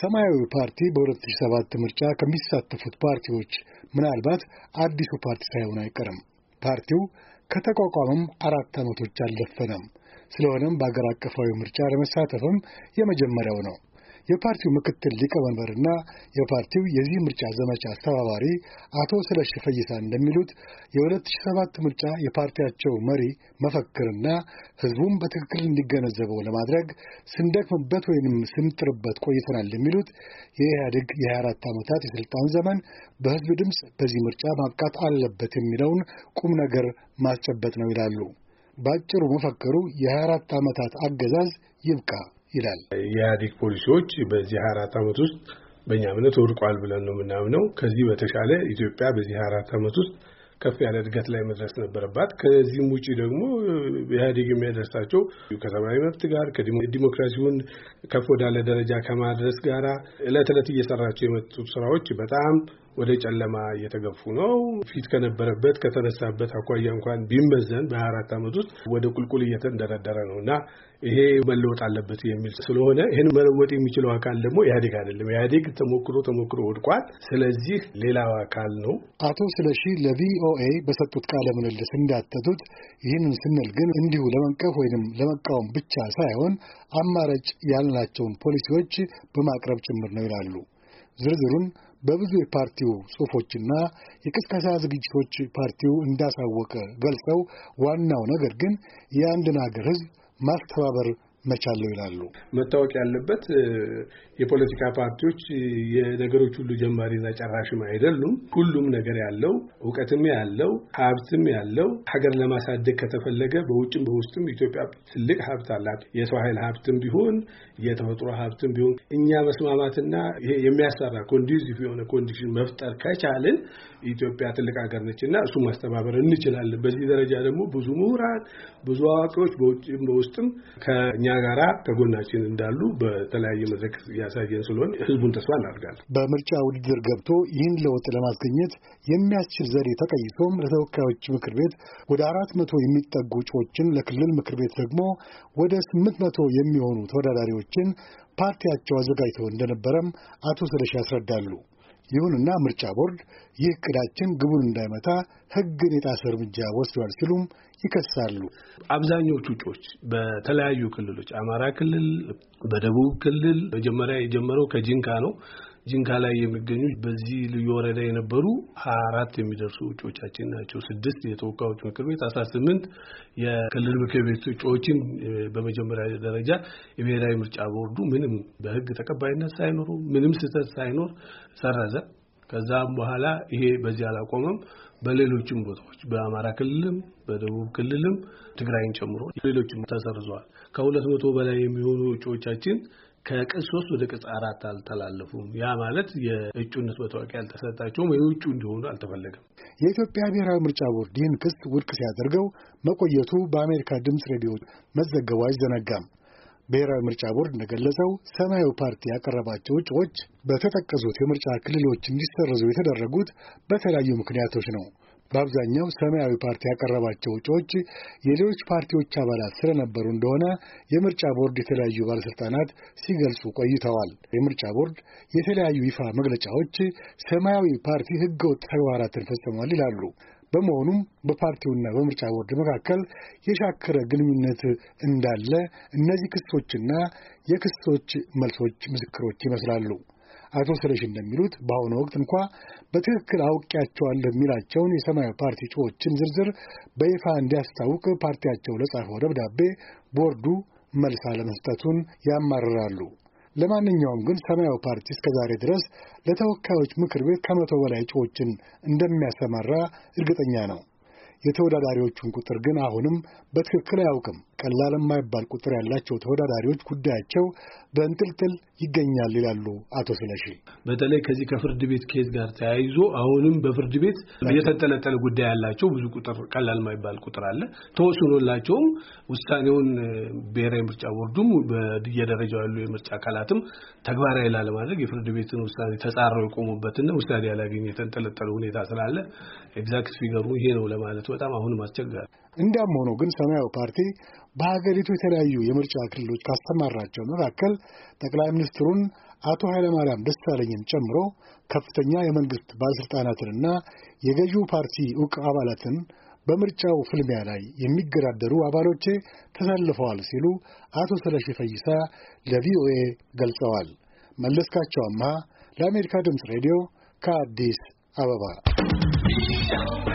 ሰማያዊ ፓርቲ በ2007 ምርጫ ከሚሳተፉት ፓርቲዎች ምናልባት አዲሱ ፓርቲ ሳይሆን አይቀርም። ፓርቲው ከተቋቋመም አራት ዓመቶች አልደፈነም። ስለሆነም በአገር አቀፋዊ ምርጫ ለመሳተፍም የመጀመሪያው ነው። የፓርቲው ምክትል ሊቀመንበርና የፓርቲው የዚህ ምርጫ ዘመቻ አስተባባሪ አቶ ስለሽ ፈይሳ እንደሚሉት የ2007 ምርጫ የፓርቲያቸው መሪ መፈክርና ህዝቡም በትክክል እንዲገነዘበው ለማድረግ ስንደክምበት ወይንም ስንጥርበት ቆይተናል የሚሉት የኢህአዴግ የ24 ዓመታት የስልጣን ዘመን በህዝብ ድምፅ በዚህ ምርጫ ማብቃት አለበት የሚለውን ቁም ነገር ማስጨበጥ ነው ይላሉ። በአጭሩ መፈክሩ የ24 ዓመታት አገዛዝ ይብቃ ይላል። የኢህአዴግ ፖሊሲዎች በዚህ አራት ዓመት ውስጥ በእኛ እምነት ወድቋል ብለን ነው የምናምነው። ከዚህ በተሻለ ኢትዮጵያ በዚህ አራት ዓመት ውስጥ ከፍ ያለ እድገት ላይ መድረስ ነበረባት። ከዚህም ውጭ ደግሞ ኢህአዴግ የሚያደርሳቸው ከሰብአዊ መብት ጋር ከዲሞክራሲውን ከፍ ወዳለ ደረጃ ከማድረስ ጋር ዕለት ዕለት እየሰራቸው የመጡት ስራዎች በጣም ወደ ጨለማ እየተገፉ ነው። ፊት ከነበረበት ከተነሳበት አኳያ እንኳን ቢመዘን በሀያ አራት ዓመት ውስጥ ወደ ቁልቁል እየተንደረደረ ነው እና ይሄ መለወጥ አለበት የሚል ስለሆነ ይህን መለወጥ የሚችለው አካል ደግሞ ኢህአዴግ አይደለም። ኢህአዴግ ተሞክሮ ተሞክሮ ወድቋል። ስለዚህ ሌላው አካል ነው። አቶ ስለሺ ለቪኦኤ በሰጡት ቃለ ምልልስ እንዳተቱት ይህንን ስንል ግን እንዲሁ ለመንቀፍ ወይንም ለመቃወም ብቻ ሳይሆን አማራጭ ያልናቸውን ፖሊሲዎች በማቅረብ ጭምር ነው ይላሉ። ዝርዝሩን በብዙ የፓርቲው ጽሑፎችና የቅስቀሳ ዝግጅቶች ፓርቲው እንዳሳወቀ ገልጸው ዋናው ነገር ግን የአንድን ሀገር ሕዝብ ማስተባበር መቻለው ይላሉ። መታወቅ ያለበት የፖለቲካ ፓርቲዎች የነገሮች ሁሉ ጀማሪና ጨራሽም አይደሉም። ሁሉም ነገር ያለው እውቀትም ያለው ሀብትም ያለው ሀገር ለማሳደግ ከተፈለገ በውጭም በውስጥም ኢትዮጵያ ትልቅ ሀብት አላት። የሰው ኃይል ሀብትም ቢሆን የተፈጥሮ ሀብትም ቢሆን እኛ መስማማትና ይሄ የሚያሰራ ኮንዲዚቭ የሆነ ኮንዲሽን መፍጠር ከቻልን ኢትዮጵያ ትልቅ ሀገር ነች እና እሱ ማስተባበር እንችላለን። በዚህ ደረጃ ደግሞ ብዙ ምሁራን፣ ብዙ አዋቂዎች በውጭም በውስጥም ከእኛ ጋራ ከጎናችን እንዳሉ በተለያየ መድረክ ያሳየን ስለሆን ህዝቡን ተስፋ እናደርጋለን። በምርጫ ውድድር ገብቶ ይህን ለውጥ ለማስገኘት የሚያስችል ዘዴ ተቀይሶም ለተወካዮች ምክር ቤት ወደ አራት መቶ የሚጠጉ እጩዎችን ለክልል ምክር ቤት ደግሞ ወደ ስምንት መቶ የሚሆኑ ተወዳዳሪዎችን ፓርቲያቸው አዘጋጅተው እንደነበረም አቶ ስለሺ ያስረዳሉ። ይሁንና ምርጫ ቦርድ ይህ እቅዳችን ግቡን እንዳይመታ ሕግን የጣሰ እርምጃ ወስዷል ሲሉም ይከሳሉ። አብዛኞቹ እጩዎች በተለያዩ ክልሎች፣ አማራ ክልል፣ በደቡብ ክልል መጀመሪያ የጀመረው ከጂንካ ነው። ጅንካ ላይ የሚገኙ በዚህ ልዩ ወረዳ የነበሩ ሀያ አራት የሚደርሱ እጩዎቻችን ናቸው። ስድስት የተወካዮች ምክር ቤት፣ አስራ ስምንት የክልል ምክር ቤት እጩዎችን በመጀመሪያ ደረጃ የብሔራዊ ምርጫ ቦርዱ ምንም በህግ ተቀባይነት ሳይኖሩ ምንም ስህተት ሳይኖር ሰረዘ። ከዛም በኋላ ይሄ በዚህ አላቆመም። በሌሎችም ቦታዎች በአማራ ክልልም በደቡብ ክልልም ትግራይን ጨምሮ ሌሎችም ተሰርዘዋል። ከሁለት መቶ በላይ የሚሆኑ እጩዎቻችን ከቅጽ ሶስት ወደ ቅጽ አራት አልተላለፉም። ያ ማለት የእጩነት መታወቂያ አልተሰጣቸውም ወይ እጩ እንዲሆኑ አልተፈለገም። የኢትዮጵያ ብሔራዊ ምርጫ ቦርድ ይህን ክስ ውድቅ ሲያደርገው መቆየቱ በአሜሪካ ድምፅ ሬዲዮ መዘገቡ አይዘነጋም። ብሔራዊ ምርጫ ቦርድ እንደገለጸው ሰማያዊ ፓርቲ ያቀረባቸው እጩዎች በተጠቀሱት የምርጫ ክልሎች እንዲሰረዙ የተደረጉት በተለያዩ ምክንያቶች ነው። በአብዛኛው ሰማያዊ ፓርቲ ያቀረባቸው እጩዎች የሌሎች ፓርቲዎች አባላት ስለነበሩ እንደሆነ የምርጫ ቦርድ የተለያዩ ባለሥልጣናት ሲገልጹ ቆይተዋል። የምርጫ ቦርድ የተለያዩ ይፋ መግለጫዎች ሰማያዊ ፓርቲ ሕገወጥ ተግባራትን ፈጽሟል ይላሉ። በመሆኑም በፓርቲውና በምርጫ ቦርድ መካከል የሻከረ ግንኙነት እንዳለ እነዚህ ክሶችና የክሶች መልሶች ምስክሮች ይመስላሉ። አቶ ስለሽ እንደሚሉት በአሁኑ ወቅት እንኳ በትክክል አውቄያቸዋለሁ የሚላቸውን የሰማያዊ ፓርቲ እጩዎችን ዝርዝር በይፋ እንዲያስታውቅ ፓርቲያቸው ለጻፈው ደብዳቤ ቦርዱ መልስ አለመስጠቱን ያማርራሉ። ለማንኛውም ግን ሰማያዊ ፓርቲ እስከ ዛሬ ድረስ ለተወካዮች ምክር ቤት ከመቶ በላይ እጩዎችን እንደሚያሰማራ እርግጠኛ ነው። የተወዳዳሪዎቹን ቁጥር ግን አሁንም በትክክል አያውቅም። ቀላል የማይባል ቁጥር ያላቸው ተወዳዳሪዎች ጉዳያቸው በእንጥልጥል ይገኛል ይላሉ አቶ ስለሺ። በተለይ ከዚህ ከፍርድ ቤት ኬዝ ጋር ተያይዞ አሁንም በፍርድ ቤት የተንጠለጠለ ጉዳይ ያላቸው ብዙ ቁጥር ቀላል የማይባል ቁጥር አለ። ተወስኖላቸውም ውሳኔውን ብሔራዊ ምርጫ ቦርዱም በየደረጃው ያሉ የምርጫ አካላትም ተግባራዊ ላለማድረግ የፍርድ ቤትን ውሳኔ ተጻረው የቆሙበትና ውሳኔ ያላገኘ የተንጠለጠለ ሁኔታ ስላለ ኤግዛክት ፊገሩ ይሄ ነው ለማለት በጣም አሁንም አስቸጋሪ እንዲያም ሆኖ ግን ሰማያዊ ፓርቲ በሀገሪቱ የተለያዩ የምርጫ ክልሎች ካስተማራቸው መካከል ጠቅላይ ሚኒስትሩን አቶ ኃይለማርያም ደሳለኝን ጨምሮ ከፍተኛ የመንግስት ባለሥልጣናትንና የገዢው ፓርቲ ዕውቅ አባላትን በምርጫው ፍልሚያ ላይ የሚገዳደሩ አባሎቼ ተሰልፈዋል ሲሉ አቶ ስለሺ ፈይሳ ለቪኦኤ ገልጸዋል። መለስካቸው አምሃ ለአሜሪካ ድምፅ ሬዲዮ ከአዲስ አበባ